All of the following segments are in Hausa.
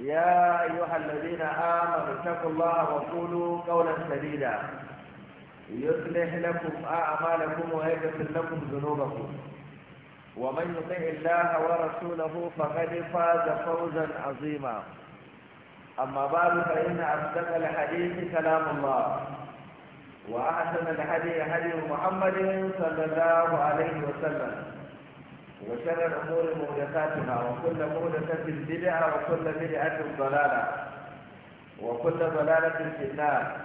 يا أيها الذين آمنوا اتقوا الله وقولوا قولا سديدا يصلح لكم أعمالكم ويغفر لكم ذنوبكم ومن يطع الله ورسوله فقد فاز فوزا عظيما أما بعد فإن أصدق الحديث كلام الله وأحسن الحديث حديث محمد صلى الله عليه وسلم وشر الأمور محدثاتها وكل محدثة بدعة وكل بدعة ضلالة وكل ضلالة في النار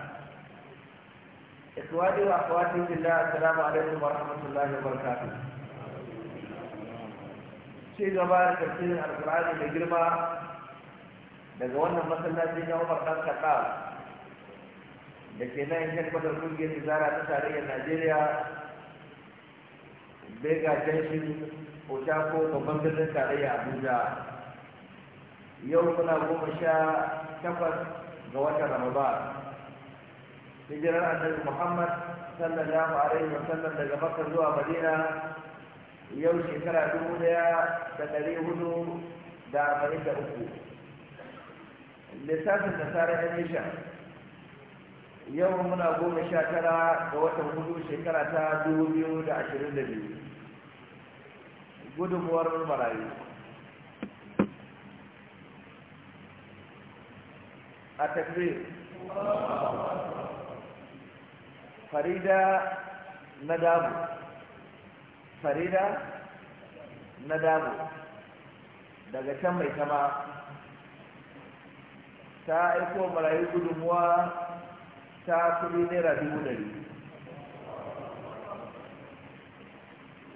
إخواني وأخواتي في الله السلام عليكم ورحمة الله وبركاته شيء جمال تفسير القرآن mai girma daga wannan masallaci na Umar Dan Khattab da ke nan yan kwadar kungiyar zara ta tarayyar Najeriya Bega Junction ko babban birnin tarayya abuja yau muna goma sha takwas ga watan ramadan hijirar annabi muhammad sallallahu alaihi wa sallam daga makka zuwa madina yau shekara dubu daya da dari hudu da arba'in da uku lissafin ya nisha yau muna goma sha tara ga watan hudu shekara ta dubu biyu da ashirin da biyu gudunmuwar marayu a takbir farida na damu farida na damu daga can mai kama ta aiko marayu gudunmuwa ta kuri naira dubu dari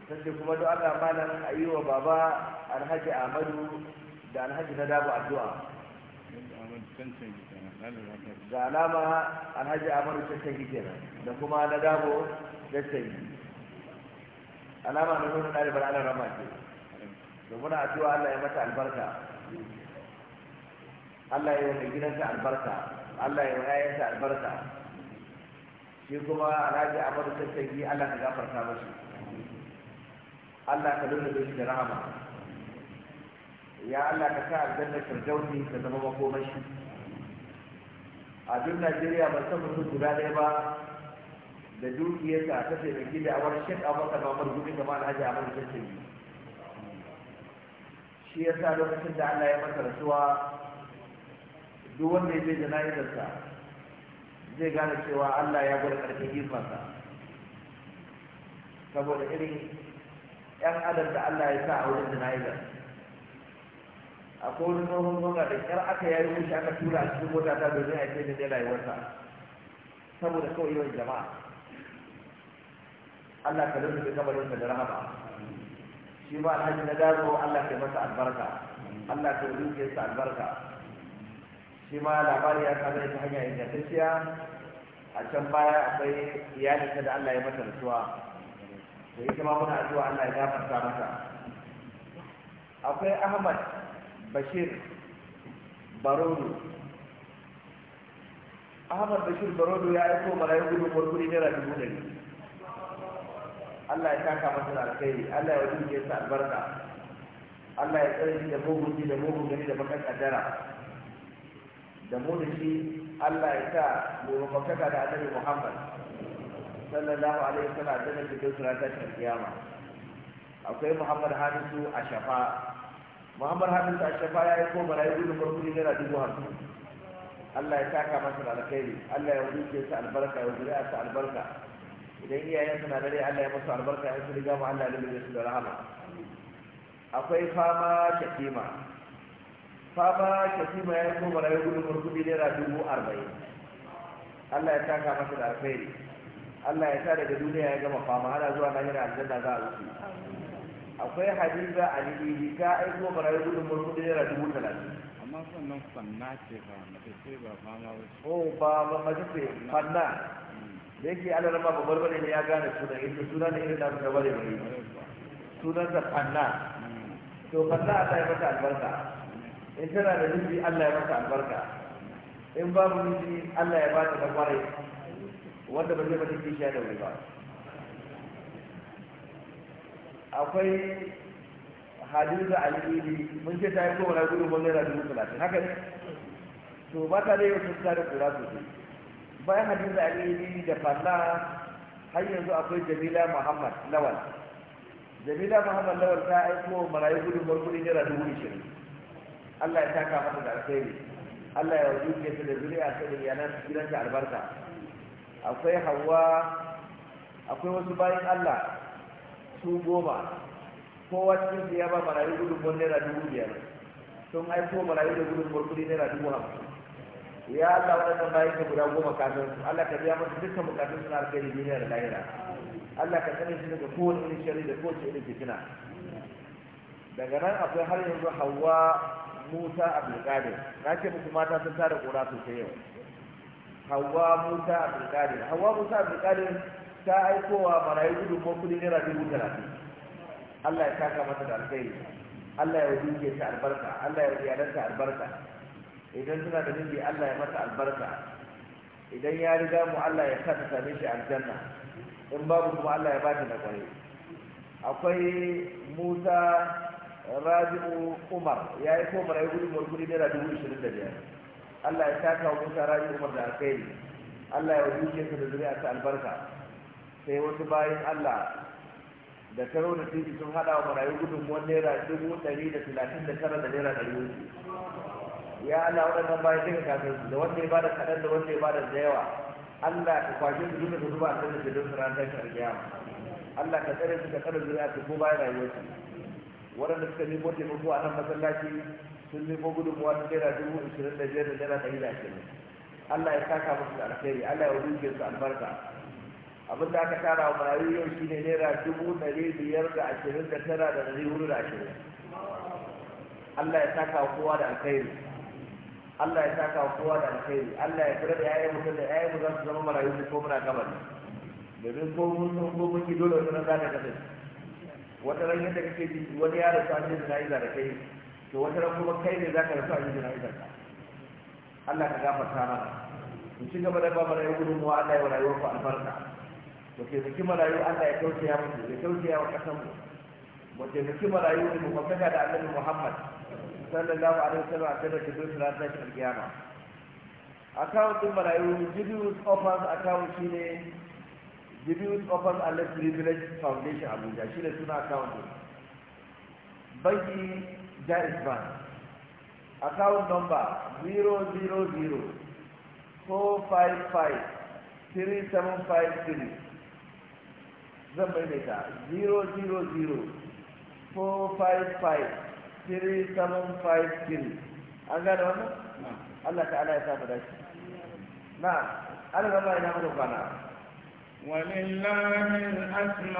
sai kuma duk Allah malam a yi wa baba alhaji Ahmadu da alhaji Nadabu addu'a ga alama alhaji Ahmadu cancanci kenan da kuma na dabo sai alama na nuna ɗalibar ana rama ce da muna addu'a Allah ya mata albarka Allah ya yi wa gidansa albarka Allah ya yi wa albarka shi kuma alhaji Ahmadu cancanci Allah ka gafarta masa Allah ka lullube shi da rahama ya Allah ka sa aljanna firdauni ta zama makomar shi a duk Najeriya ban san mutum guda ɗaya ba da dukiyarsa ta taimaki da awar shek a masa mamar gudu da mana hajji a mara tattalin shi ya sa lokacin da Allah ya masa rasuwa duk wanda ya je jana'izarsa zai gane cewa Allah ya gwada ƙarfin girmansa saboda irin yan adam da Allah ya sa a wurin jana'iza akwai wani tsohon gwamna da kyar aka yayi wuce aka tura a cikin mota ta domin a kai da rayuwarsa saboda kawai yawan jama'a Allah ka da kamarin da rahama shi ba alhaji na dazo Allah ka masa albarka Allah ka sa albarka shi ma labari ya kama ta hanya ingantacciya a can baya akwai iyalinsa da Allah ya mata rasuwa da yake ma muna addu'a Allah ya gafarta masa. akwai Ahmad Bashir Barodo Ahmad Bashir Barodo ya aiko marayu gudun gurguri naira dubu ɗari Allah ya taka masa da alkhairi Allah ya duke sa albarka Allah ya tsare da mugun ji da mugun gani da bakan kaddara da mu da shi Allah ya sa mu mafaka da Annabi Muhammad sallallahu alaihi wasallam da nan cikin surata ta kiyama akwai muhammad hadisu a shafa muhammad hadisu a shafa ya yi ko marayu da farko naira dubu hamsin Allah ya taka masa da alkhairi Allah ya wuce sa albarka ya wuce sa albarka idan iyayen na dare Allah ya masa albarka ya su riga mu Allah ya lubuce su da rahama akwai fama shakima. fama shakima ya yi ko marayu da farko naira dubu arba'in Allah ya taka masa da alkhairi Allah ya sa daga duniya ya gama fama hana zuwa yana aljanna za a wuce akwai hadiza a nibi ka aiko barayi gudun mulku da yara dubu talatin amma sannan fanna ce ba mace ce ba fama ba oh ba ba mace ce fanna da yake ala rama ba barbare ne ya gane sunan inda sunan da irin nasu da bare bare sunan da fanna to fanna a ta yi mata albarka in tana da nufi Allah ya mata albarka in babu nufi Allah ya ba ta kwarai wanda ba zai ba take da wuri ba akwai hadiza alili mun ce ta yi kowane gudun wani yana dubu talatin haka ne to ba ta da yau sun da kura sosai bayan hadiza alili da falla har yanzu akwai jamila muhammad lawal jamila muhammad lawal ta aiko marayu gudun wani gudun yana dubu ishirin allah ya taka mata da alkhairi allah ya wuce ta da zuri'a a da iyalan gidan ta albarka akwai hawa akwai wasu bayan allah su goma kowa cikin su ya ba marayu gudunmuwar naira dubu biyar sun aiko marayu da gudunmuwar kudi naira dubu hamsin ya allah waɗannan bayan ka guda goma kafin su allah ka biya masu dukkan bukatun suna alkhairi duniya da lahira allah ka sani shi daga kowane irin shari da kowace irin fitina daga nan akwai har yanzu hawa musa abdulkadir na ce muku mata sun tara kura sosai yau hawa musa abdulkadir hawa musa abdulkadir ta aikowa marayu gudun mokuli naira dubu talatin allah ya taka mata da alkhairi allah ya duke ta albarka allah ya iyalanta albarka idan suna da miji allah ya mata albarka idan ya riga mu allah ya sa ta same shi aljanna in babu kuma allah ya bata da kwarai akwai musa rabi'u umar ya yi ko marayu gudun mokuli naira dubu ishirin da biyar Allah ya taka wa Musa rayu Umar da alkhairi Allah ya wuce su da zuri'a ta albarka sai wasu bayan Allah da karo da titi sun hada wa marayu gudunmuwan naira dubu ɗari da talatin da tara da naira ɗari wuce ya Allah waɗannan bayan duka kafin su da wanda ya bada kaɗan da wanda ya bada da yawa Allah ka kwashe su duka su zuba a kan da ke don su ran tashin Allah ka tsare su ka tsare zuri'a su ko bayan rayuwarsu waɗanda suka nemo taimako a nan masallaci sun nemo gudunmuwa ta naira dubu ishirin da biyar da naira ɗari da ashirin allah ya saka musu da alkhairi allah ya rufe su albarka abin da aka tara wa marayu yau shine naira dubu ɗari biyar da ashirin da tara da ɗari hudu da ashirin allah ya saka wa kowa da alkhairi allah ya saka wa kowa da alkhairi allah ya kula da yayan mutum da yayan mu za su zama marayu ne ko muna ne domin ko mun san ko mun ki dole wasu ran za ka kasance wata ranar da kake ji wani yaro ta ce da na yi da kai to wata ran kuma kai ne zaka rasa yin yi jana'izar ka Allah ka gafarta mana mu ci gaba da ba marayu wa Allah ya wa rayuwar ku albarka ke zaki marayu Allah ya ya mutu, ya tausaya wa kasan mu mu zaki marayu ne mu kwafaka da annabi Muhammad sallallahu alaihi wasallam a cikin kitabun ranar alkiyama account din marayu Julius Offers account shine Julius Offers and Privilege Foundation Abuja shine suna account banki Jaris Bank. Account number 000-455-3753. Zan maimaita 000-455-3753. An gane wannan? Allah ta'ala ya samu dace. Na, an gama ina mutu kwana. ولله الأسماء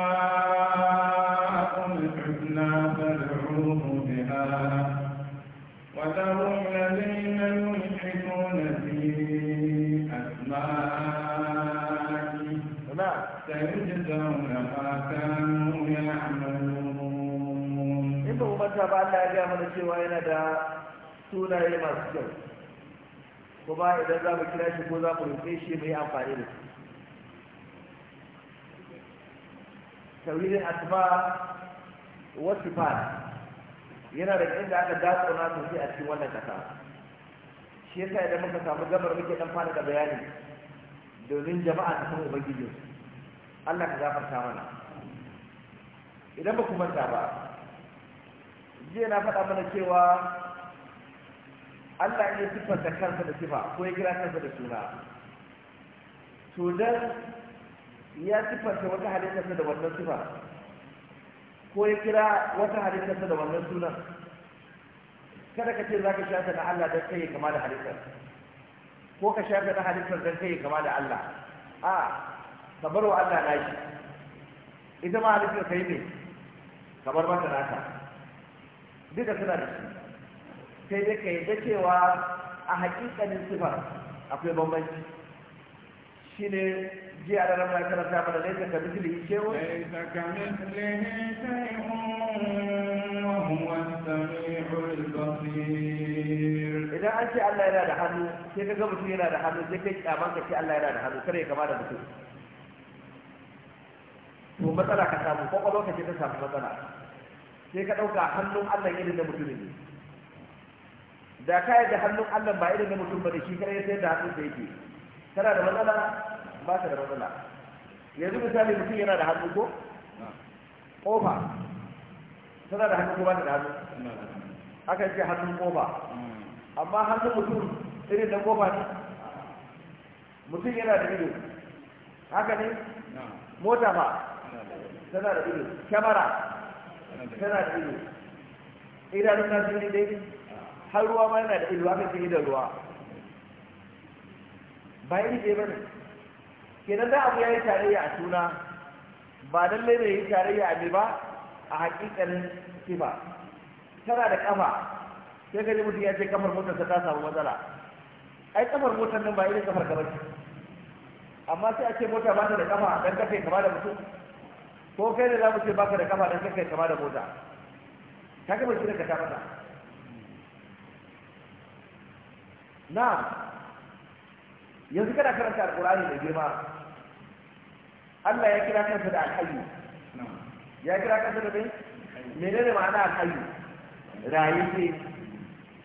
الحسنى فادعوه بها وذروا الذين يلحدون في أسمائه سيجزون ما كانوا يعملون. إن أمتنا بعد أن يعملوا شيء وإن sunaye masu kyau kuma idan za mu kira shi ko za mu rufe shi mu yi amfani da shi tauhidin asma wa sifat yana da inda aka dace na sosai a cikin wannan kasa shi yasa idan muka samu gabar muke dan fara da bayani domin jama'a ta san ubangiji Allah ka gafarta mana idan ba ku manta ba jiya na faɗa mana cewa Allah ne da kansa da sifa ko ya kira kansa da suna to dan ya siffanta wata halittarsa da wannan sifa ko ya kira wata halittarsa da wannan sunan kada ka ce za ka shafe na Allah don kai kama da halittar ko ka shafe na halittar don kai kama da Allah a ka bar wa Allah na shi ita ma halittar kai ne kamar mata naka duka suna da shi sai dai ka yadda cewa a hakikanin sifar akwai bambanci Shi ne. jiya da ramar karanta mana laisa ka mislihi shay'un laisa ka mislihi shay'un wa huwa as-sami'ul basir idan an ce Allah yana da hannu sai ka ga mutum yana da hannu sai kai kyaman ka ce Allah yana da hannu kare kama da mutum to matsala ka samu kwakwalwa ka ce ta samu matsala sai ka ɗauka hannun Allah yana da mutum ne da ka yi da hannun Allah ba irin da mutum ba da shi kare sai da hannun da yake kana da matsala ba ta da matsala yanzu misali mutum yana da hannu ko kofa tana da hannu ko ba ta da hannu aka ce hannun ƙofa. amma hannun mutum irin da ƙofa ne mutum yana da ido haka ne mota ba tana da ido kyamara tana da ido idanun nasu ne dai har ruwa ma yana da ido aka ce idan ruwa bayan ne ba ne kenan da abu ya yi tarayya a suna ba don ne yi tarayya a ba a hakikanin sifa tana da kafa sai gani mutum ya ce kafar motarsa ta samu matsala ai kafar motar nan ba irin kafar ka bace amma sai a ce mota ba ta da kafa don kafe kama da mutum ko kai ne za mu ce ba ka da kafa don kafe kama da mota ta ga shi ka ta mata na yanzu kana karanta alkurani da girma Allah ya kira kansa da alhayyu ya kira kansa da bai menene ma'ana alhayyu rayayye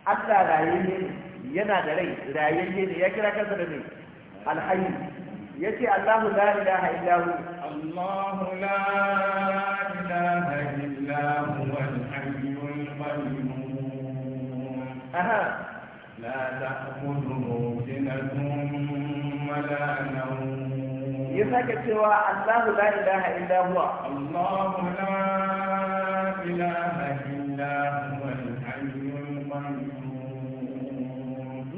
Allah rayayye yana da rai rayayye ne ya kira kansa da bai alhayyu yace Allahu la ilaha illa hu Allahu la ilaha illa huwa al-hayyul qayyum aha la ta'khudhuhu sinatun wa la nawm يسكت سوى الله لا إله إلا هو الله لا إله إلا هو الحي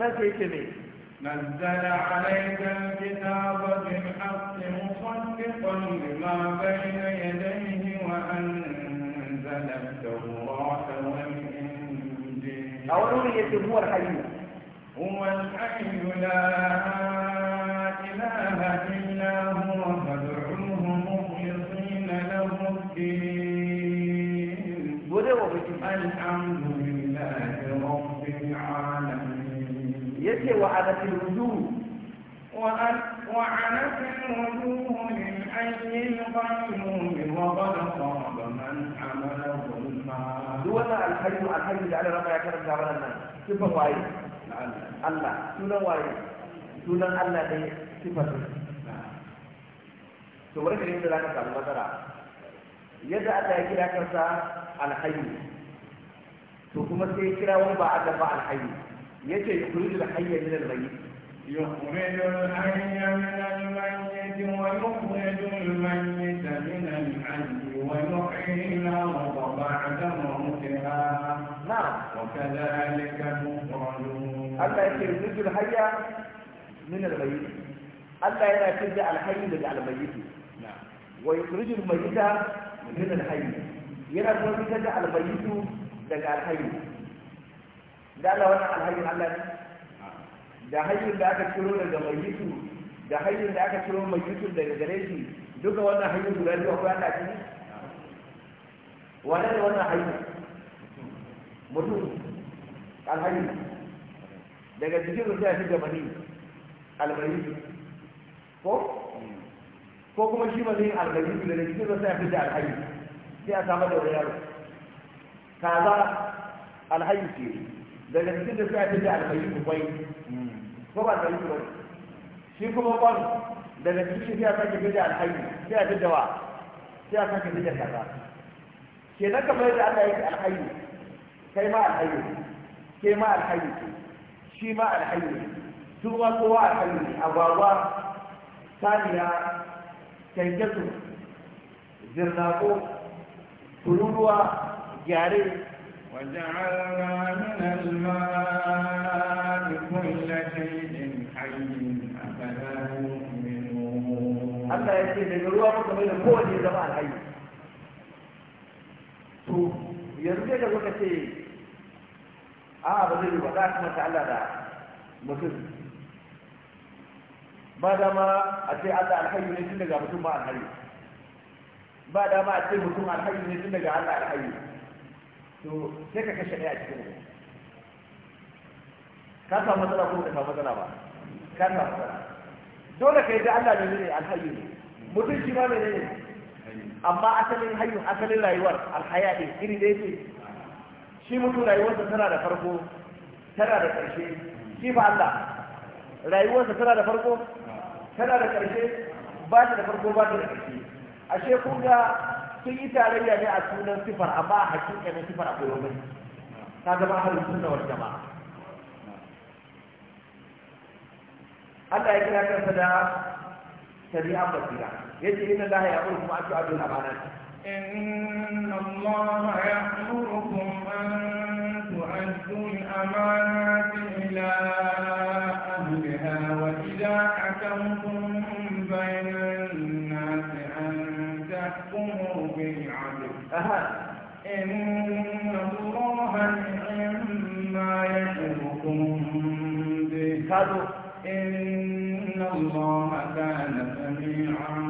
القيوم ما نزل عليك الكتاب بالحق مصدقا لما بين يديه وأنزل التوراة والإنجيل أولو يتبوى الحي هو الحي لا وعنت الوجوه وعنت الوجوه من للحي القيوم وقد صاب من حمل ظلما دولا الحيو الحيو اللي على رقع كرم تعبان صفة واي الله سنة واي سنة الله دي صفة to bari ka yadda za ka samu matsala yadda Allah ya kira kansa alhayu to kuma sai kira wani ba Allah ba alhayu يجي يخرج الحي من الميت يخرج الحي من الميت ويخرج الميت من الحي ويحيي الارض بعد موتها نعم وكذلك تخرجون الله يجي يخرج الحي من الميت الله لا يخرج الحي من الميت نعم ويخرج الميت من الحي يرى الميت على الميت دجع الحي da Allah wannan alhayin Allah ne da hayyun da aka ciro daga mayitu da hayyun da aka ciro mayitu daga gare shi duka wannan hayyun guda biyu akwai Allah ciki wane ne wannan hayyun mutum alhayyun daga cikin rufe a shiga mani almayitu ko ko kuma shi mani almayitu daga cikin rufe a shiga alhayyun sai a samar da wani yaro kaza alhayyun ce daga cikin da suka tafi albayi bai ko ba albayi kubai shi kuma kwan daga cikin sai a sake tafi alhayi sai a tafi wa sai a sake tafi kaza ke nan kamar yadda Allah yake alhayi kai ma alhayi ke ma alhayi shi ma alhayi su ma kowa alhayi agwagwa saniya kyankyasu zirnako tururuwa gyare وجعلنا من الماء كل شيء حي أفلا يؤمنون الله يسير للرواة مطمئن قوة زمان حي to yanzu da kuka ce a ba zai yi ba za kuma ta Allah da mutum ba dama a ce Allah alhayu ne tun daga mutum ba alhayu ba dama a ce mutum alhayu ne tun daga Allah alhayu to sai ka kashe ɗaya a cikin mutum ka samu matsala ko ka samu matsala ba ka samu matsala dole ka yi da Allah ne ne alhayu ne mutum ma mai ne amma asalin hayu asalin rayuwar alhaya ne iri ɗaya ce shi mutum rayuwarsa tana da farko tana da ƙarshe shi ba Allah rayuwarsa tana da farko tana da ƙarshe ba ta da farko ba ta da ƙarshe ashe kun ga sun yi tarayya ne a sunan sifar amma a hakika na sifar akwai wani ta zama ahlus sunna wal jama'a Allah ya kira kansa da shari'a basira yace inna Allah ya amuru kuma atu abdul amanat inna Allah ya'murukum an tu'addu al-amanati ila ahliha wa idha hakamtum bayna إن الله عما كان سميعا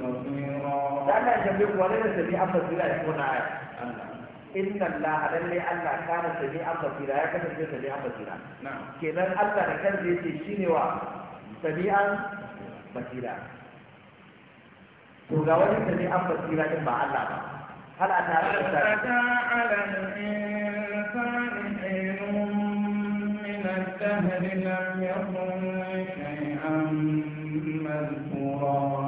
بصيرا لا يملك ولا سميعا بصيرا يكون عايز إن الله للي الله كان سميعا بصيرا يا كان سميعا بصيرا نعم كذا الله كان سميعا بصيرا to ga wani da zai an basira din ba Allah ba hal a tare da ta ala al-insani hinum min al-dahr lam yakun shay'an madhkura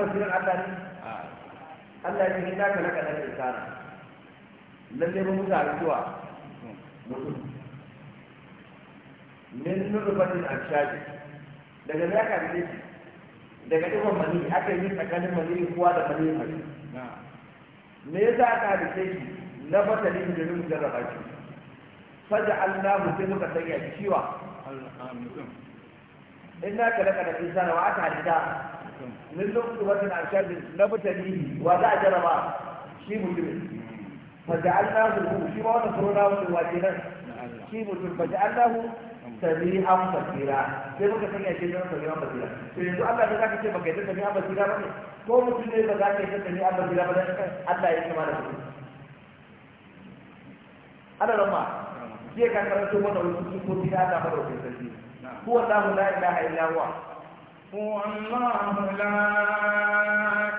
wannan basirin Allah ne Allah ne inda ka naka dan insana lalle mun mutu zuwa mutum min nurbatin arshaji daga da ka shi. daga dukkan mani aka yi tsakanin mani kuwa da mani mani me ya sa aka rike shi na batali da mun jarraba shi faja Allah sai muka sanya ciwa Allah amin inna ka laka dan insana wa aka halitta min lokacin na sharrin na mutane wa za a jaraba shi mutum فجعلناه شي ما وانا كورونا والواجنان شي مسلم فجعلناه سميعا بصيرا sai muka sanya shi da sami'an basira to yanzu Allah ne zaka ce baka yi sami'an basira ba ne ko mutum ne ba za zaka yi sami'an basira ba dan Allah ya kama da shi ana ramma sai ka karanto mana wasu sufofi da Allah madaukakin sarki huwa Allahu la ilaha illa huwa هو لا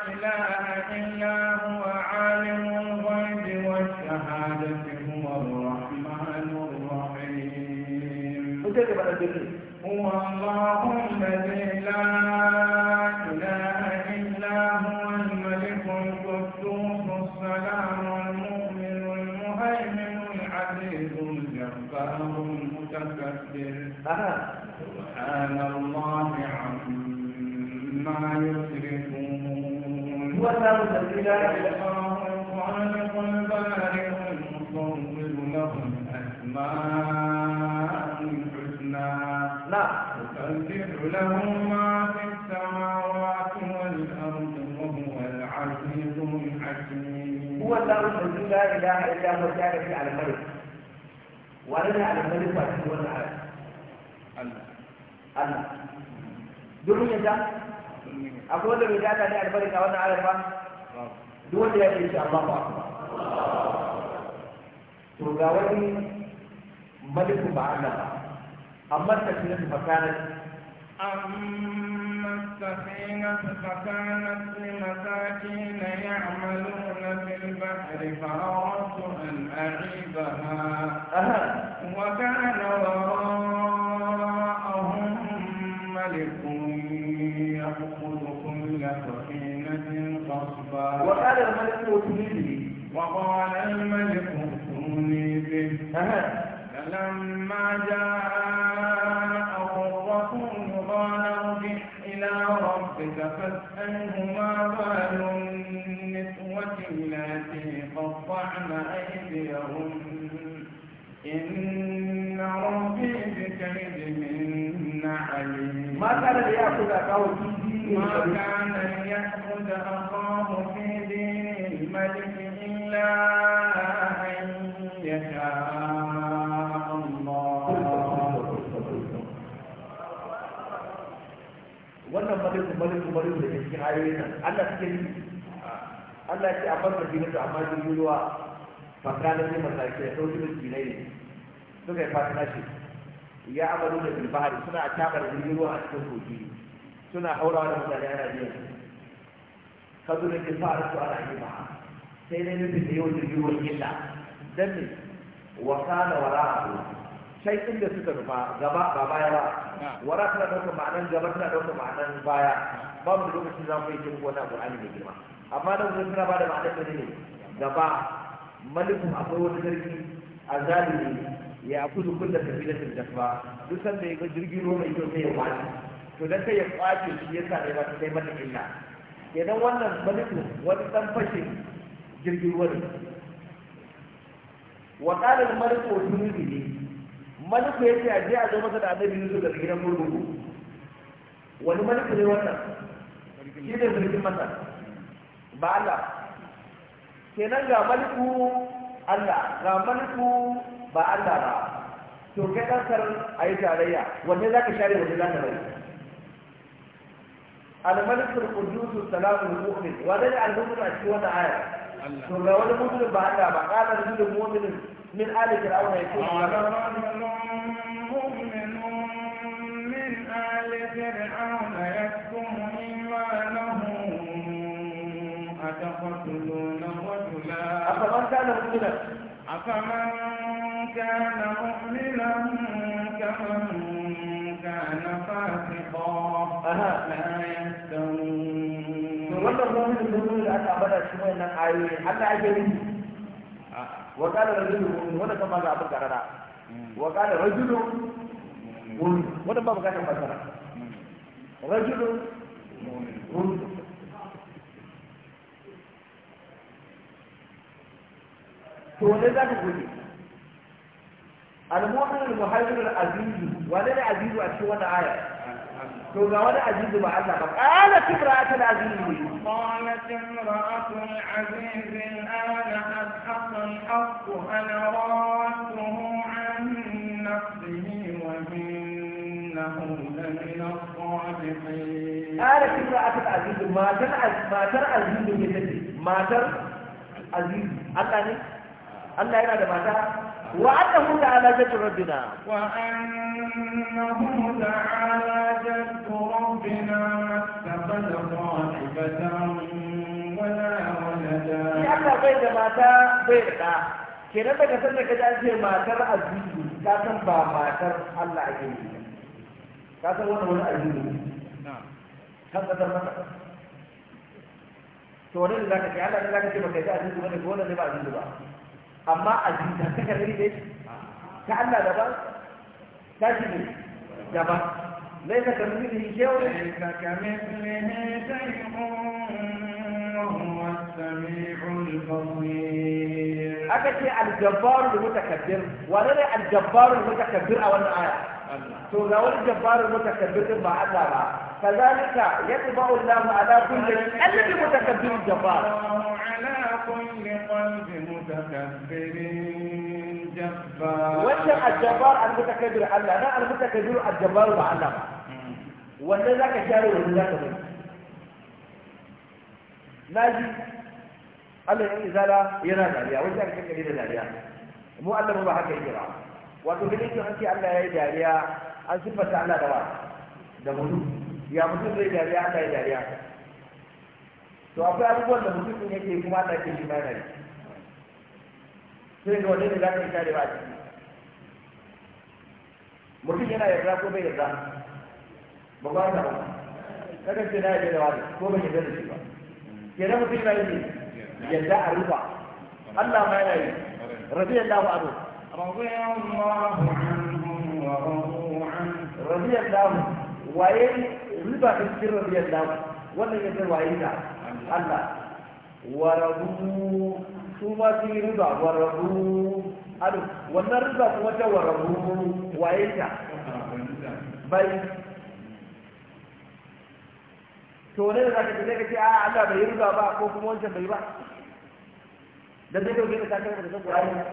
إله إلا هو عالم الغيب والشهادة هو الرحمن الرحيم هو الذي لا إله إلا هو الملك القدوس السلام المؤمن المهيمن العزيز الجبار المتكبر سبحان الله الله الخالق البارئ المصور لهم أسماء الحسنى لا يسبح له ما في السماوات والأرض وهو العزيز الحكيم هو الله الذي لا إله إلا هو الثالث على الملك ولنا على الملك وحده والعالم الله الله دنيا ده أقول لك إذا كان البركة وأنا عارفة dole يا ce Allahu akbar to ga ملك maliku أما السفينة فكانت أما السفينة فكانت لمساكين يعملون في البحر فأردت أن أعيبها وكان وراءهم ملك يأخذ وقال الملك اوتوني وقال الملك اوتوني به فلما جاء الرسول قال ارجع إلى ربك فاسأله ما بال النسوة التي قطعن أيديهن إن ربي بكيدهن عليم ما كان ليأخذ أخاه ما كان ليأخذ أخاه الله في دين الملك إلا أن يشاء wannan maliku maliku da cikin ayoyin nan Allah suke yi Allah ya ce a fasa jini da amma jirgin ruwa fakana ne masarki da sauki da jinai ne suka yi fatina shi ya amalu da bilbahari suna a tabar jirgin ruwa a cikin kogi suna haurawa da mutane ana biyan su kazo da ke fara su ana yi ba sai dai nufin da yau da yiwuwar illa don ne wasa da wara a sai da suka nufa gaba ba baya ba wara tana ɗaukar ma'anar gaba tana ɗaukar ma'anar baya ba mu da lokacin za mu yi cikin wannan ƙur'ani ne girma amma nan wurin tana ba da ma'anar da ne gaba malikun akwai wani sarki a zalimi ya kudu kulla tafilatin dafa. duk sanda ya ga jirgin ruwa mai kyau sai ya kwace to dan sai ya kwace shi sa ne ba sai mata illa kenan wannan malikun wani dan fashin jirgin ruwa ne wa qala al malik wa ne, maliku yace a je a zo masa da annabi Yusuf da gidan gurgudu wani maliku ne wannan shi ne jirgin masa ba Allah kenan ga maliku Allah ga maliku ba Allah ba to kai dan a ayi tarayya wanne zaka share wanne zaka bari ملك القدوس والسلام المؤمن وده المؤمن أشكي وانا آية ثم هو المؤمن بعد ما قال رجل مؤمن من آل فرعون يكون رجل مؤمن من آل فرعون يكتم إيمانه أتقتلون رجلا أفمن كان مؤمنا أفمن كان مؤمنا كمن كان فاسقا لا aka ambata shi mai nan ayoyi Allah ake yi wa kada rajulu mu'min wanda kuma ga abin karara hmm. wa kada rajulu mu'min hmm. wanda ba bukatar fasara hmm. rajulun mu'min to ne za ka gode al-mu'min al-muhajir al-aziz wa la azizu a cikin wannan aya to ga wani azizu ba Allah ba qala imra'atul aziz qalat imra'atul aziz ana ashaqa al-haqq ana rawatuhu an nafsihi wa innahu lamin as-sadiqin qalat imra'atul aziz matar matar aziz ne take matar aziz Allah ne Allah yana da mata وأنه تعالى جد ربنا وأنه تعالى جد ربنا ما اتخذ صاحبة ولا ولدا يعني بيد ماتا بيد kenan daga san da ka ji ce matar azizi ka san ba matar Allah ake yi ka san wannan wani azizi ne kan kasar mata to wannan da zaka ce Allah ne zaka ce baka ji azizi bane ko wannan ne ba azizi ba amma a zintantaka ne ne ta Allah daban ta shi ne daban laisa ka mithlihi shay'un laisa ka mithlihi shay'un wa huwa as-sami'ul basir aka ce aljabbarul mutakabbir wane ne aljabbarul mutakabbir a wannan aya to ga wani jabbarul mutakabbir din ba Allah ba kazalika yatba'u Allahu ala kulli qalbi mutakabbir jabbar ala kulli qalbi mutakabbirin jabbar wacce aljabbar almutakabbir Allah na almutakabbir aljabbar ba Allah ba hmm. wanda zaka share wanda zaka bari na ji Allah ya izala yana dariya wanda ake kalli da dariya mu Allah ba haka yake ba wato gidan kin an ce Allah ya yi dariya an siffata Allah da ba da mutu ya mutum zai dariya Allah ya dariya to akwai abubuwan da mutum din yake kuma Allah ke shi ma yana sai ga wani da za ka yi ba a ciki mutum yana yarda ko bai yarda ba ba ta ba kada ce na yarda da wani ko bai yarda da shi ba kenan mutum yana yi yadda a rufa Allah ma yana yi rabi Allah anhu rabi Allah anhu wa radu rabi Allah waye riba ta cikin rabi Allah wannan yadda waye da Allah wa rabu su ma su yi riba wa rabu ado wannan riba kuma ta wa rabu waye ta bai to ne da zaka ne ka ce a Allah bai riba ba ko kuma wancan bai ba da zai dauke ka kasar da sabuwa ne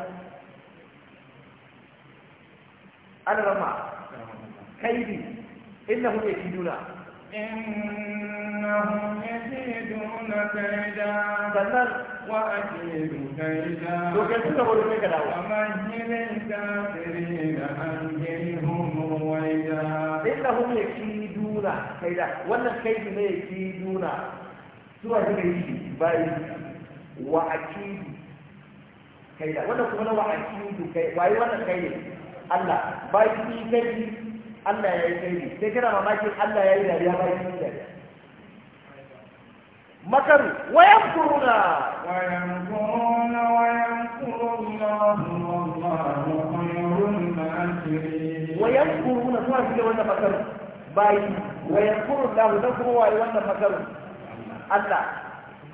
ana rama kaidi innahu yakiduna innahum yakiduna kaida sannan wa a akidu kaida lokacin da wani ka dawo amma jinin kafirina an jirhum ruwaida innahum yakiduna kaida wannan kaidi ne yakiduna zuwa daga yi bayi wa a akidu kai wannan kuma na wa'aki du kai waye wannan kai ne Allah ba shi kai Allah ya yi kai ne sai kana mamakin Allah ya yi ya ba shi dariya makaru wayan kuruna wayan kuruna wayan kuruna wallahu khayrul makirin wayan kuruna suna cikin wannan makaru bayi wayan kuruna da kuma waye wannan makaru Allah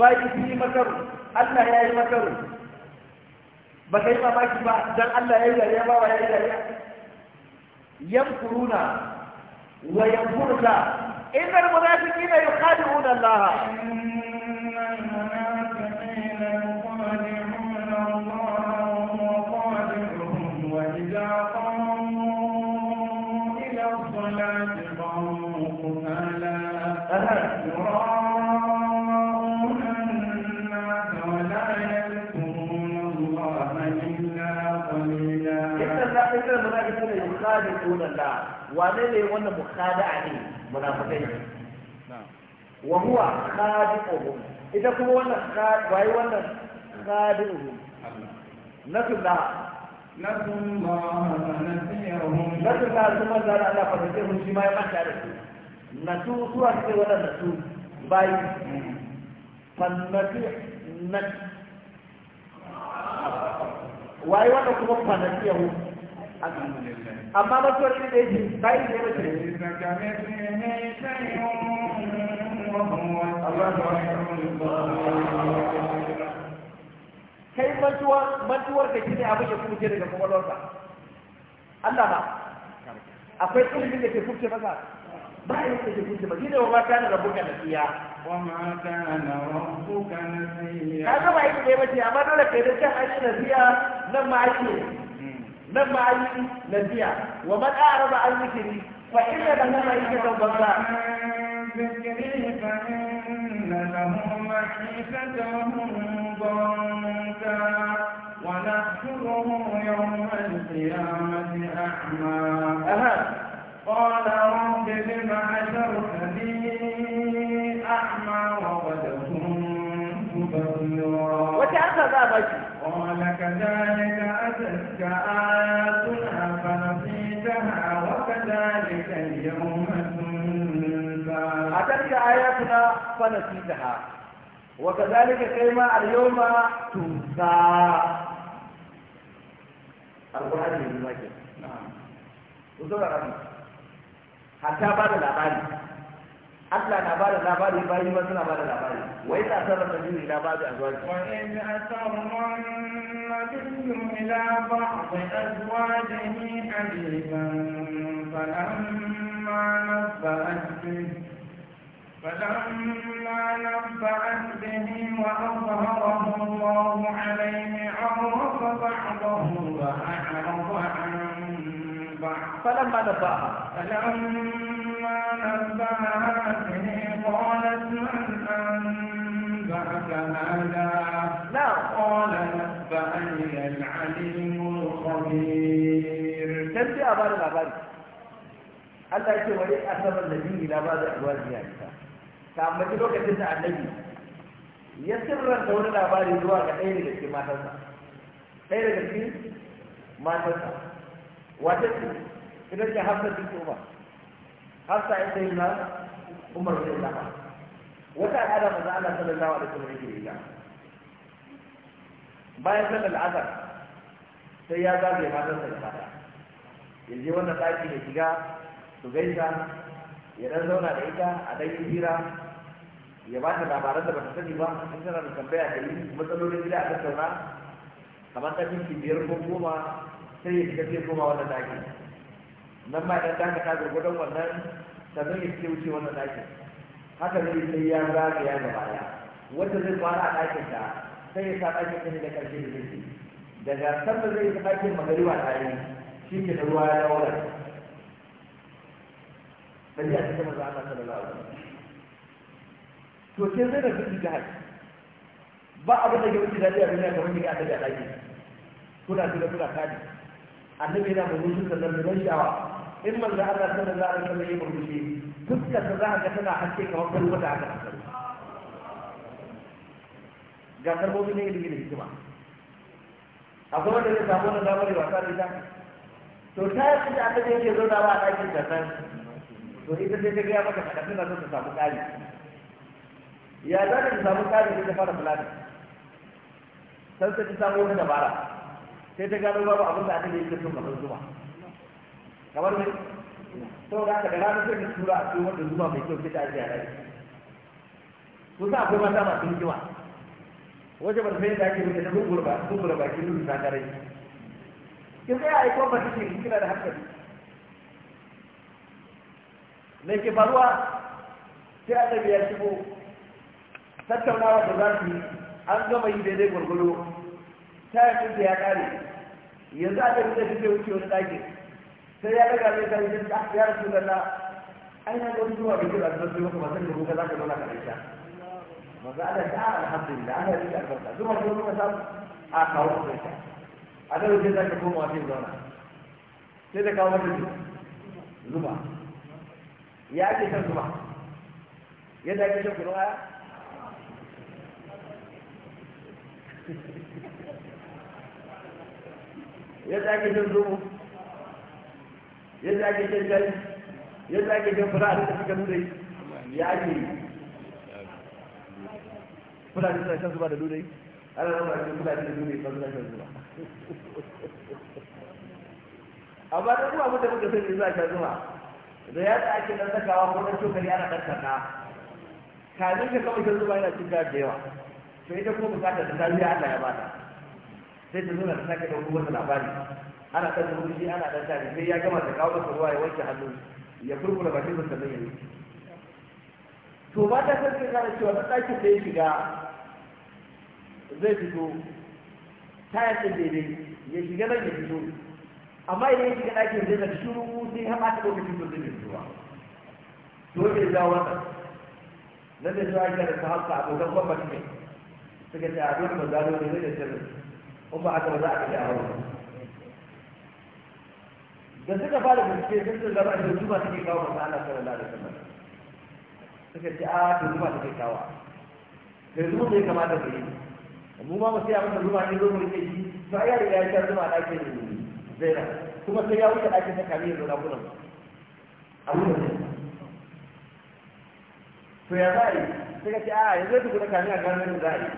bayi shi makaru Allah ya yi makaru ba ka yi mamaki ba don Allah ya yi dariya ba wa ya yi dariya yamkuruna wa yamkuruna innal munafiqina yukhadi'una Laha. wane ne wannan mukhada'a ne munafikai wa huwa khadi'uhum ita kuma wannan waye wannan khadi'uhum nasullah nasullah nasiyahum nasullah kuma zan Allah fa sai mun shi ma ya manta da su nasu suwa ce wannan nasu bai fannati nat waye wannan kuma fannati yahum amma ba su wani da yake bayan da ne mace kai mantuwar ka shi ne abin ya kuce daga kwakwalwarka Allah ba akwai ilimin da ke kuce masa bayan da ke kuce masa shi ne wa mata na rabu ka nasiya wa na rabu ka nasiya ka zama yake da ya mace amma dole kai da kan ake nasiya nan ma ake نما علي نزيع ومن أعرض عن ذكري فإن له معيشة ضنكا فإن له معيشة ضنكا ونحشره يوم القيامة أعمى قال رب لم حشرت وكذلك كذلك أتتك آياتنا فنسيتها وكذلك اليوم تنسى أتتك آياتنا فنسيتها وكذلك كما اليوم تنسى القرآن المجيد نعم وزور حتى بعد العبادة Allah na bada labari bayi ba suna bada labari wai ta sarar da jini labari a zuwa wa in asarman nabiyyu ila ba'd azwajihi hadiban falamma nabba'at فلما نبأت به وأظهره الله عليه عرف بعضه وأعرض عن بعض فلما نبأها فلما فلما نبهها به Allah ya ce wa asabar da jini na ba da ruwa ziya ita ta ambaci lokacin da annabi ya sirranta wani labari zuwa ga ɗaya daga cikin matarsa ɗaya daga cikin matarsa wata ce ita ce hafsa cikin umar har sai sai na Umar bin Khattab wata al'ada manzo Allah sallallahu alaihi wasallam yake yi bayan sallar azhar sai ya zage matan da fada ya je wannan daki da shiga su gaisa ya dan zauna da ita a dan yi hira ya ba ta labaran da ba ta sani ba an tana da tambaya da yi matsalolin gida a tattauna kamar ta minti biyar ko goma sai ya shiga sai koma wannan daki nan ma ɗan ɗan ka gurgudan wannan sannan ya wuce wannan dakin haka ne sai ya ya da baya wanda zai fara a ɗakin ta sai ya sa ɗakin ta da ƙarshe da zai daga sanda zai yi ɗakin magariba ta yi shi ke da ruwa ya daura sai ya kuma za ana tsara alaihi wasallam to sai zai da duk haka ba abin da ke wuce dadi a duniya kamar yadda aka ji a ɗakin kuna tuna kuna kadi annabi yana mai musu sallar da ban sha'awa in manzo Allah sallallahu alaihi wasallam ya murmushi fuskar ta za a ga tana haske kamar kan da aka ga sarbobi ne ilimi da hikima kuma da zai samu na zamani wasa da ita to ta yi da aka je ke zauna ba a ɗakin da nan to ita sai ta gaya maka kaɗan tana so ta samu ƙari ya za ta samu ƙari sai ta fara fulani san sai ta samu wata dabara sai ta gano babu abin da aka je ke so kamar zuma kamar mai saboda haka da ranar sai tura a cikin wanda zuwa mai kyau kita a rai Su sa akwai mata masu hikima wajen ba sai da ake wuce na gungura ba gungura ba ki rubuta ta rai ki sai a yi competition kina da hankali me ke faruwa sai annabi ya shigo tattaunawa da za su yi an gama yi daidai gwargwado ta yi ya kare yanzu annabi zai fi wuce wani ɗakin sai ya daga mai sai ya ce ya rasu da na an yi wani zuwa da kira da su maka masan da ruka za ka zauna ka aisha maza ala da alhamdulillah ana yi albarka zuwa da ruka samu a kawo ka aisha a da ruka za ka koma wajen zauna sai da kawo mata zuba ya ake shan zuba yadda ake shan kudin aya yadda ake shan zuba yadda ake jin jari yadda ake jin fura da suka nuna ya ake yi fura da suna shan zuba da nuna yi ana nan wajen fura da nuna yi ba suna shan zuba amma da kuma abin da muka sani zuwa shan zuba da ya ta ake nan sakawa ko na cokali ana ɗan saka kamin ka kawai shan zuba yana cin da yawa to ita kuma bukatar da ta biya Allah ya bata sai ta zo na ta sake ɗauko wata labari ana kan shi, ana ɗan tari sai ya gama da kawo da ruwa ya wanke hannu ya ba shi ba sannan ya wuce to ba ta san kin ta cewa ɗakin da ya shiga zai fito ta yi ɗin daidai ya shiga nan ya fito amma idan ya shiga ɗakin zai zai shuru sai ya ɓata lokacin da zai fitowa to ne ya wannan na zai zuwa ake da ta hasa a dokar gwamnati ne suka ce a dole da zaro ne zai da shirin Umar ba aka ba za a kashe a wani da suka fara bincike sun sun zama da zuba ke kawo masu ana sallallahu da wasallam suka ce ah, a to zuba ke kawo da zuba kama kamata ku yi mu ma mu sai abin da zuba ne zo mu rike shi to ai yari ya ta zuba da ke zai na kuma sai ya wuce ɗakin ta kamiyyar zo na kunan abu da zai to ya za a yi suka ce a ah, yanzu ya tuku da kamiyyar gano yadda za a yi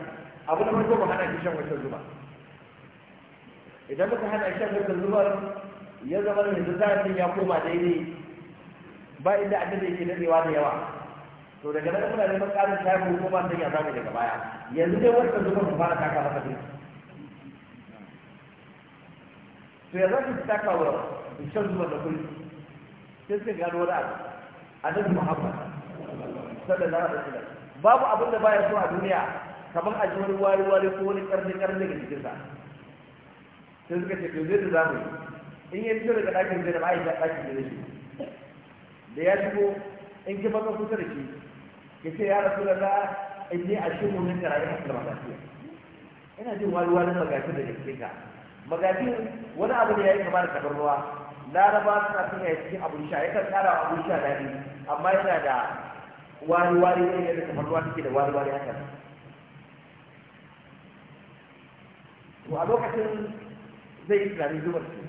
abu da farko mu hana ki shan wata zuba idan muka hana shan wata zubar ya zama da yanzu zafin ya koma daidai ba inda annabi yake dadewa da yawa to daga nan kuna neman karin shafi hukuma sai ya zama daga baya yanzu dai wata zuwa mu fara taka masa dai to ya zaku taka wa shan zuwa da kulli sai suka gano wani abu annabi Muhammad sallallahu alaihi da babu abin da baya so a duniya kamar a ji wani wari wari ko wani karni karni daga jikinsa sai suka ce ke zai da zamani yi in ya fito daga ɗakin zai da ma'aikata ɗakin da shi da ya shigo in ki matsa kusa da shi ke ce ya rasu da za a yi a shi mumin da rayuwa da magafiya ina jin waluwa na magafi da jirgin ka magafi wani abu da ya yi kama da tabar ruwa laraba suna suna yi cikin abu sha yakan tsara abu sha daɗi amma yana da wani wani ne yadda kamar ruwa take da waluwa ne haka to a lokacin zai yi tunanin zubar shi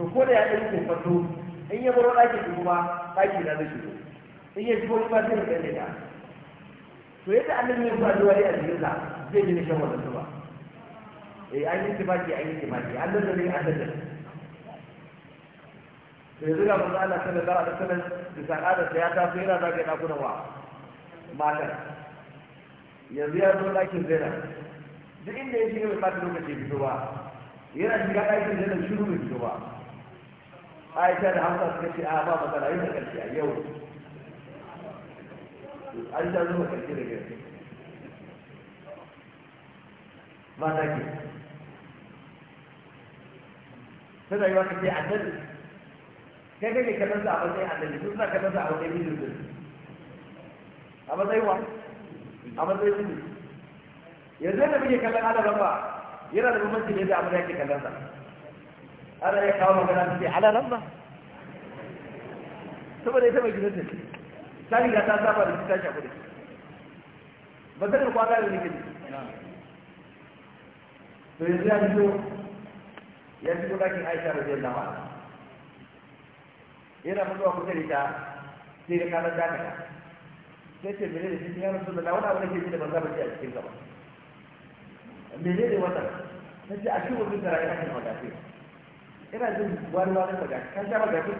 to ko da ya ɗan ke fato in ya baro ɗakin su kuma ɗaki na zai shigo in ya shigo kuma sai ya ɗan ta to yadda annabi ya zuwa zuwa a cikin sa zai ji nishan wannan zuwa eh an yi baki an yi baki an da ne an da to yanzu ga manzo Allah sallallahu alaihi wasallam da da sai ya taso yana ga dakunan wa matan yanzu ya zo ɗakin zainab duk inda ya shiga mai ɓata lokaci fito ba yana shiga ɗakin zainab shiru mai fito ba aisha da hamza suka ce a ba matsala yi da karshe a yau an zuwa karshe da ba ta ke suna yi wata ce a nan kai ka kallon sa a matsayin annabi su suna kallon sa a matsayin mijin a matsayin wa a matsayin mijin yanzu yadda muke kallon adam ba yana da bambanci ne da abin da yake kallon sa ana ya kawo magana ta ce ala nan saboda ita mai gidan da ce ta riga da ta shafi da ba zai da kwana da nake to yanzu ya ya fito dakin aisha da zai lawa yana mutuwa kusa da ita sai da kanar dakata sai ce mene da shi ya rasu da lawa wani ke ji da ban a cikin gaba mene ne ce a ina jin wani wani daga kan sha magafin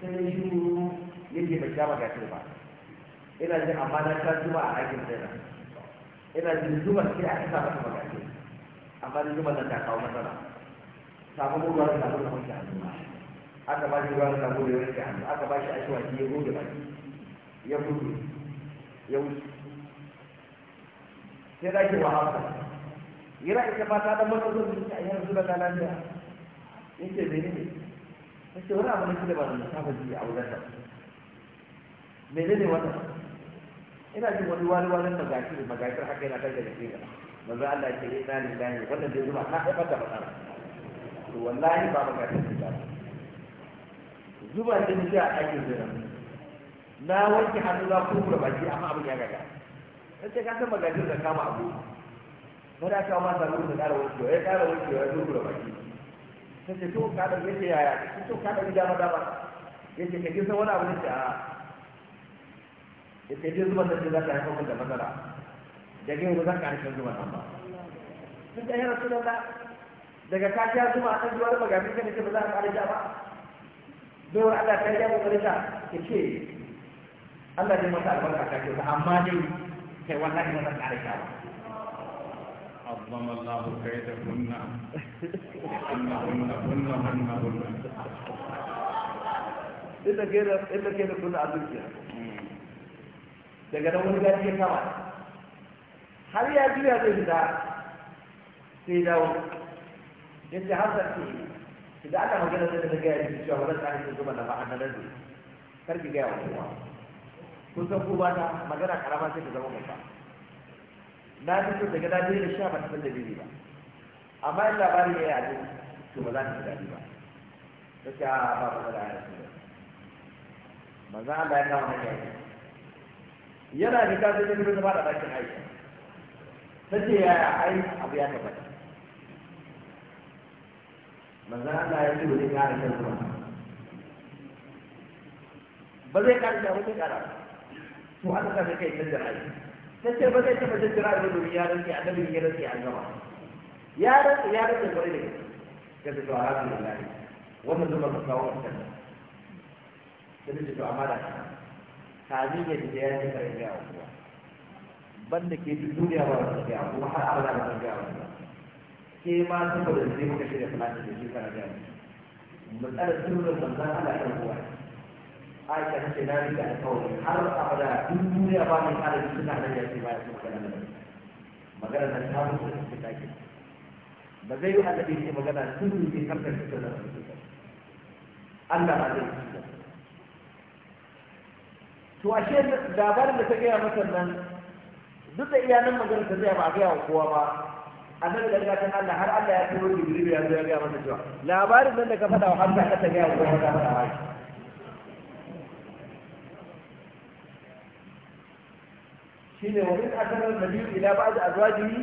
sai ya shi yake bai sha magafin ba ina jin amma na sha zuba a aikin zaina ina jin zuba sai a sa masa magafin amma ni zuba nan ta kawo matsala samu mu ruwan sabon da wanke a aka ba shi ruwan sabon da wanke hannu aka ba shi a ashiwaki ya goge baki ya gudu ya wuce sai za ki wa yana ita ba ta dan matsalolin da yanzu da lafiya yake mene ne yake wani abu ne shi da ba da saba ji a wurin nan Me ne ne wata? ina jin wani wani wani magashi magashi haka yana kai da gaske ga manzo Allah ya ce inna eh, lillahi wannan dai zuwa ka haifar da matsala to wallahi ba magashi ne ba zuba da ni a ɗakin zira na wanke hannu na kuma baki amma abin ya gaga sai ce ka san magashi da kama abu ba da kawo ma zalu da ƙara wankewa ya ƙara wankewa ya zuba baki ta ce to ka da yake yaya to ka da ba, dama yake kake kisa wani abu ne ta yake jin zuban da za ta haifar da matsala da gina za ka haifar zuban nan ba sun ta yi rasu da daga ka sha zuba a kan zuwa da magabin ka ce ba za ka ƙara ja ba dole Allah ta yi kokarin ta ke ce Allah ne masa albarka ta ce amma dai kai wallahi ba za ka ƙara ba عظم الله كيدهن انهن هن هن هن ita ke da ita ke da kuna a dukiya daga nan wani gaji ya kama har ya juya zai fita sai dawo yadda hasan ce idan aka magana sai da gaya da cewa wannan tsarin da ba'a na nan karki gaya wa kowa kun san ko ba ta magana karama sai ta zama mai ba na fi so daga daji da sha ba ta da dalili ba amma yin labari ya yi a to ba za ta ji ba ta ce a ba ba da Ba za a Allah ya kawo hanya yi. yana da ka sai da ba da bakin aiki ta ce ya a ai abu ya tabbata a Allah ya ce wani ƙara kan zuwa ba zai kara da wani ƙara to haka ka kai da aiki ta ce ba zai taɓa jin jira da domin ya rantsi a dabin ya ke an gama ya rantsi ya kwarai da gaske ta ce a rasu da lari wannan zuba ka kawo a kan ta da to amma da kamin ya ji ya ji karin gawa kuwa banda ke duk duniya ba wata gawa kuma har abada ba wata gawa ke ma saboda zai muka shirya fulani da shi kana gawa matsalar sunan manzan Allah ya rubuwa aisha ta ce na riga alkawari har abada duk duniya ba mai kare suna da ya ce ya kuma magana da magana da ta mutu da take take ba zai yi annabi ce magana tun ne kan da suka da Allah ba zai yi to ashe labarin da ta gaya masa nan duk da iyanan magana ta zai ba a gaya wa kowa ba annabi da gatan Allah har Allah ya turo Jibril ya zo ya gaya masa cewa labarin nan da ka faɗa wa Hamza ka ta gaya wa kowa ka faɗa wa shi shine wa in asara nabi ila ba'd azwajihi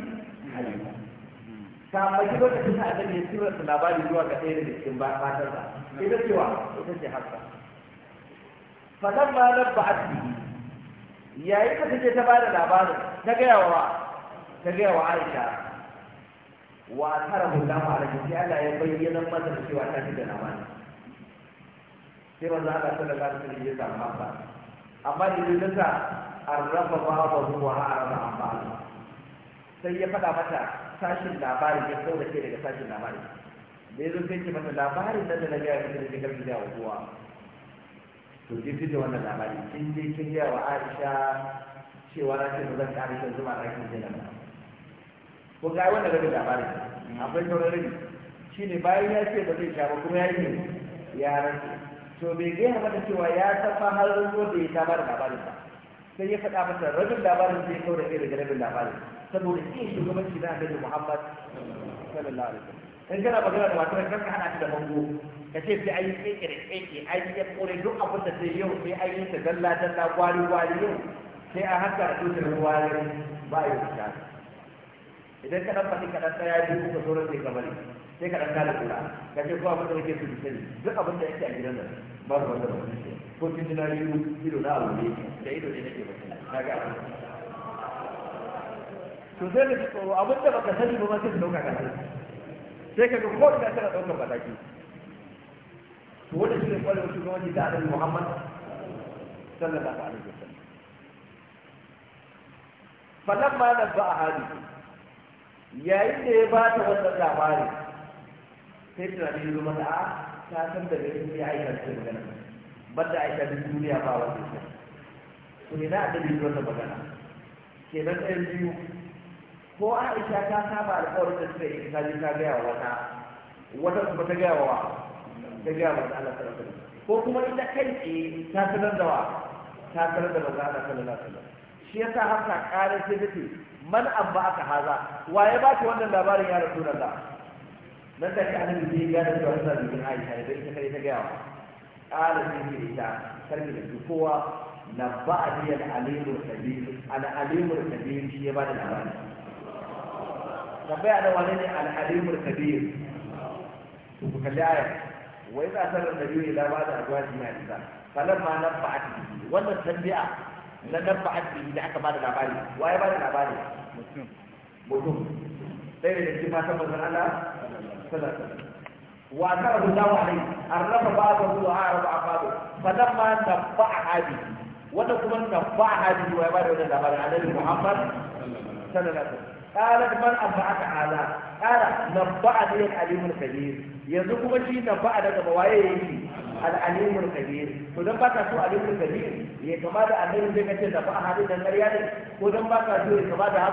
kamar ji ta da annabi ya sirrata labari zuwa ga ɗaya daga cikin matarsa ita cewa ita ce hafsa falamma nabba'at bihi yayi ka take ta bada labarin ta gaya wa ta ga yawa Aisha wa tarahu lahu alaihi sai Allah ya bayyana mata cewa ta da labarin sai manzo Allah sallallahu alaihi wasallam ya samu amma idan ta arrafa ba'dahu wa arada an sai ya faɗa mata sashin labari ya kawo da ke daga sashin labari da zo sai ke mata na da na gaya da ke karfi da kowa to ki fi da wannan labari kin je kin gaya wa Aisha cewa na ce ba zan kare shi zuma a kin jina ba ko ga wannan daga labarin akwai shi ne bayan ya ce ba zai sha ba kuma ya yi ne ya rantsa to bai gaya mata cewa ya tafa har zuwa da ya tabar labarin ba sai ya faɗa masa rabin labarin sai kawo da kai daga rabin labarin saboda kin shugabanci na annabi Muhammad sallallahu alaihi wasallam in kana magana da kan ka hada ta da bango ka ce sai ayi kekere keke ayi ya kore duk abin da zai yau sai ayi ta dalla dalla gwari gwari yau sai a haka a tutar gwari ba ya fita idan ka dan ka dan tsaya duk ka ran sai ka bari sai ka dan kala kula ka ce ko abin da kake su ki duk abin da yake a gidan nan ba da wanda shi. ko cikin na biyu ido na abu ne da ido ne nake na ga to sai da tsoro abin da baka sani ba sai ka dauka ka sani sai ka ga ko ina tana daukar mataki to wanda shi ne kwallon shugabanci da annabi Muhammad sallallahu alaihi wasallam falamma ba'a hali, yayin da ya ba ta wannan labarin sai tunani ya zo mata a ah, ta san da gari sai aikata magana banda aisha duk duniya ba wa ya su ne na annabi ya wannan magana nan ɗayan biyu ko aisha ta saba alƙawarin da suka yi ta ji ta gaya wa wata wata kuma ta gaya wa ta gaya wa Allah sallallahu da ko kuma ita kai tsaye ta sanar da wa ta sanar da maza na sanar da sanar shi sa har ta ƙara sai ta ce man ba aka haza waye ba ki wannan labarin ya rasulullah nan da ke annabi ya gane cewa wannan bikin Aisha da ita kai ta gaya wa ƙara ne da ita sarki da kowa na ba a biyan alimur kabir al alimur kabir shi ya ba da labari tabbaya da wani ne al alimur kabir su ku kalli ayar wai za a da yi da ba da zuwa jina da ta ma na ba a ciki wannan tambaya na na a ciki da aka ba da labari waye ba da labari mutum mutum da jima ta mazan Allah sallallahu alaihi واعترض الله عليه عرف بعضه وعرف عقابه فلما نبعها به وتكما نبعها به ويبان وجه الأمر عليه محمد صلى الله عليه وسلم قالت من أنبعك هذا قال نبعني العليم الكبير yanzu kuma shi nan ba a daga waye yake al'alimul kabir to dan baka so alimul kabir ya kama da annabi zai kace da ba a hadin dan ƙarya ne ko so ya a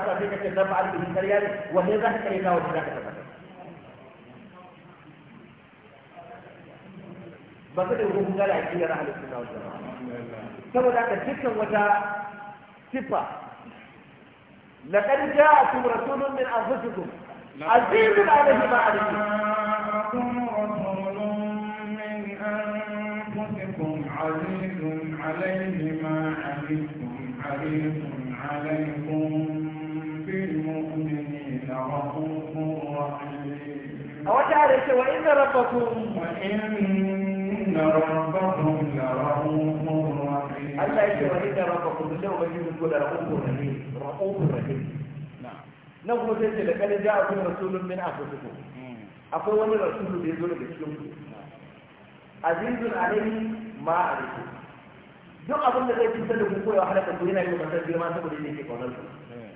hadin za ba su da hukun gala a kiyar ahalin suna wata saboda haka dukkan wata sifa لقد جاءكم رسول من أنفسكم عزيز عليه ما جاءكم رسول من أنفسكم عزيز عليه ما عليكم حريص عليكم بالمؤمنين رؤوف رحيم أو تعالى وإن ربكم وإن إن ربكم لرؤوف رحيم الله يجب أن ربكم لو بجد كل رؤوف رحيم رؤوف رحيم نعم نقول سيدي لقد جاءكم رسول من أنفسكم akwai wani rasulu da ya zo daga cikin ku azizun alaihi ma alaihi duk abin da zai cutar da ku koyawa halaka ku yana yi masar girma saboda yake ke kaunar ku hmm.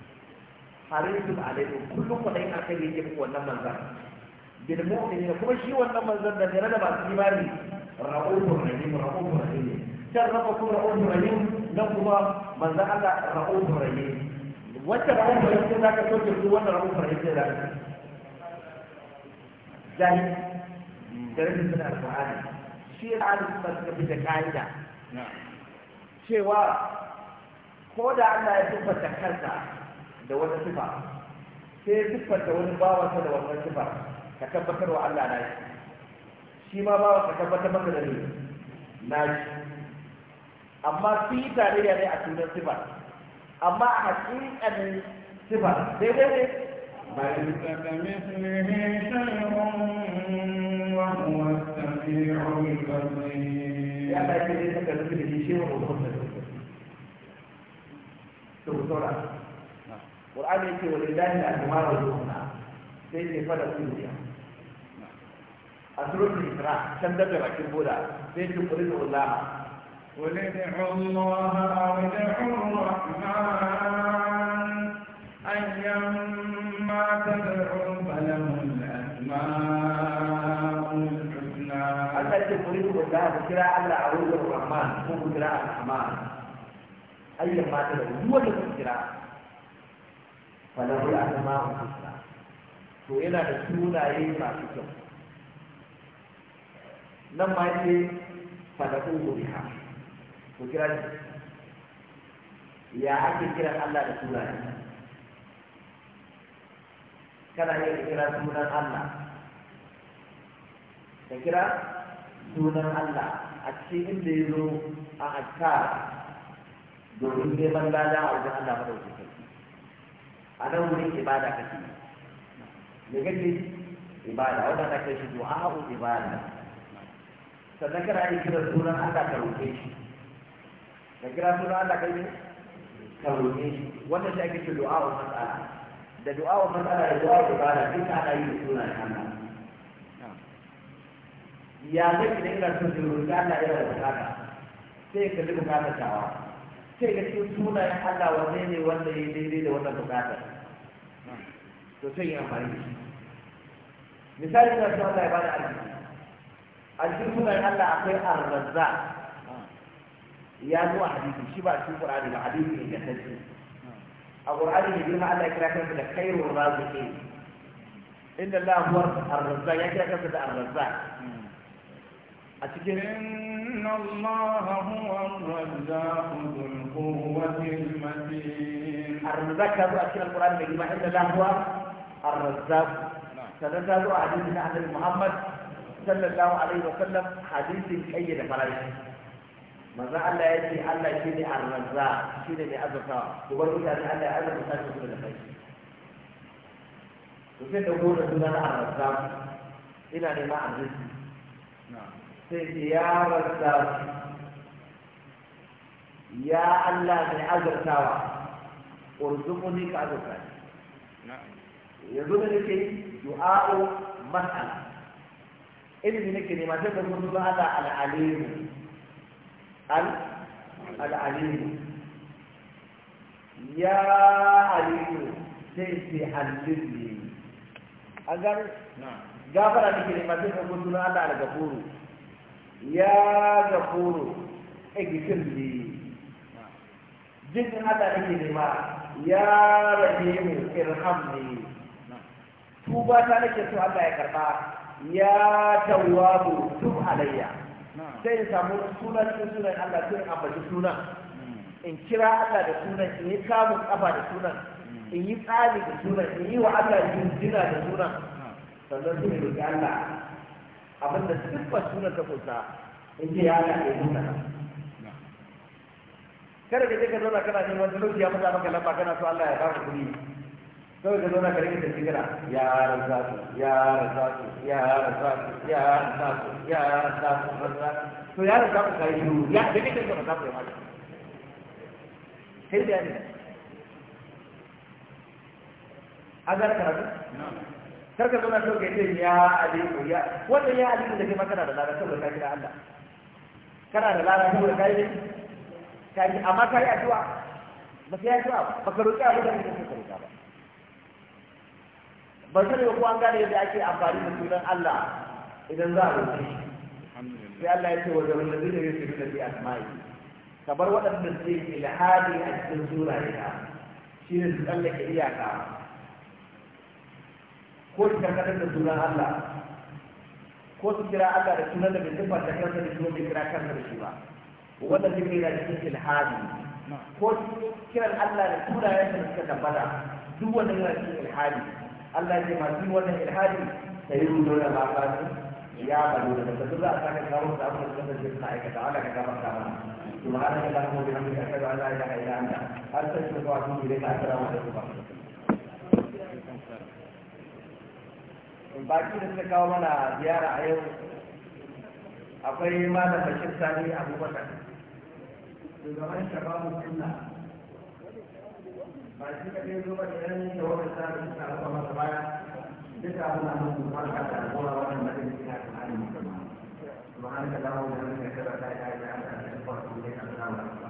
harisun alaikum kullum ku dai akai yake ku wannan manzan bil mu'minin kuma shi wannan manzan da tare da masu imani رؤوف رحيم رؤوف رحيم شرفه رؤوف رحيم نقوى من ذهب رؤوف رحيم وانت رؤوف رحيم ذاك تجد وانا رؤوف رحيم ذاك ذلك درجة من القرآن شيء عن المسكبة كائدة شيء ko da Allah ya siffanta kansa da wata sifa sai ya siffanta wani bawansa da wannan sifa ka tabbatar wa shi ma ba ka tabbatar maka da na nashi amma sun yi tarayya ne a tunan sifa amma a hakikanin sifa daidai ne ya ta ce ne saka zubi da shi shi wa mutum da to saura Qur'ani yake sai ke fada su a surutun isra can daga bakin buda sai ki kuri da الله أو ادعوا الرحمن أيما تدعوا فله الأسماء الحسنى أنت تقول الله بكرا ألا أعوذ الرحمن مو بكرا الرحمن أيما تدعوا هو اللي بكرا فله الأسماء الحسنى وإلى السنة إيه يسمع في nan ma ce fadakun biha ku kira ya ake kira Allah da sunaye kana iya kira sunan Allah ka kira sunan Allah a cikin inda ya zo a azkar domin neman lada a wajen Allah madaukakin a nan wurin ibada kake me kake ibada wanda kake shi du'a ibada sannan kana yi kira sunan Allah ka roƙe shi da kira sunan Allah ka yi ka roƙe shi wannan shi ake ce du'a wa mas'ala da du'a wa mas'ala da du'a wa ibada duk ana yi sunan Allah ya zai da ina son zai roƙi Allah yana da bukata sai ka duka bukatar tawa sai ka ce sunan Allah wanne ne wanda ya daidai da wannan bukatar to sai yi amfani da shi misali na sunan Allah ya bada arziki الجنة الألا أخير الرزاق يا نوع حديث شبع شوف القرآن الحديث اللي جهزه القرآن اللي جمع الله يكرا كان في الخير والرازقين إن الله هو الرزاق يكرا كان في الرزاق أتكر إن الله هو الرزاق ذو القوة المتين الرزاق كان أتكر القرآن اللي جمع إن الله هو الرزاق سنزاد عديدنا عن محمد sallallahu alaihi wa sallam hadisin kayyade farashi manzo Allah ya ce Allah shi ne arrazza shi ne mai azurtawa ku bar mutane Allah ya azurta su da kai to da gona suna na arrazza ina neman arziki sai ya razza ya Allah mai azurtawa urzuquni ka yanzu mas'ala ilimi nake nema sai da mun ba da al'alimu al'alimu ya alimu sai sai al'ilmi an gafara nake nema sai da mun ba da al'gafuru ya gafuru igfirli jikin Allah nake nema ya rahimu irhamni tuba ta nake so Allah ya karba ya tawwabu duk alayya sai in samu sunan cikin sunan Allah sai in ambaci sunan hmm. in kira Allah da sunan in yi kamun kafa da sunan hmm. in yi tsari da sunan in yi wa Allah jinjina da sunan sannan sai in Allah abinda siffar sunan ta kusa in ji ya Allah ya nuna kada ka je ka zauna kana neman talauci ya fita maka lamba kana so Allah ya ba ku kuɗi kawai ka zauna ka rike ta sigara yaran za su yaran za su yaran za su yaran za su yaran za su rasa to yaran za su ka yi yiwu ya da kake ba za ku yi mata sai da yana an zara karatu kar ka zauna sau ka ce ya aliku ya wannan ya aliku da ke makana da lara sau saboda ka kira Allah kana da lara sau saboda ka yi ka yi amma ka yi addu'a ba ka yi addu'a ba ka roƙi abin da kake so ka roƙa ba ba sani ko an gane yadda ake amfani da sunan Allah idan za a roƙe sai Allah ya ce wa zarun da zai yi da bi asma'i kamar waɗanda ke ilhadi a cikin surayya shi ne su tsallake iyaka ko su karkatar da sunan Allah ko su kira Allah da sunan da bai tabbata kansa da sunan bai kira kansa da shi ba waɗanda ke da cikin ilhadi ko kira Allah da sunayen da suka tabbata duk wannan yana cikin ilhadi Allah ya masu wannan ilhadi da yi rudo da baka ya bado da ta za a saka kawo da abin da ta ce ta aikata Allah ka gaba ta mana subhanaka allahumma wa bihamdika ashhadu an la ilaha illa anta astaghfiruka wa atubu ilayka assalamu ba baki da suka kawo mana ziyara a yau akwai malam bashir sani abubakar shugaban shababu sunna ba shi ka ɗaya da yanni da baya duka abin da mun kuma ka ta gora wannan da ke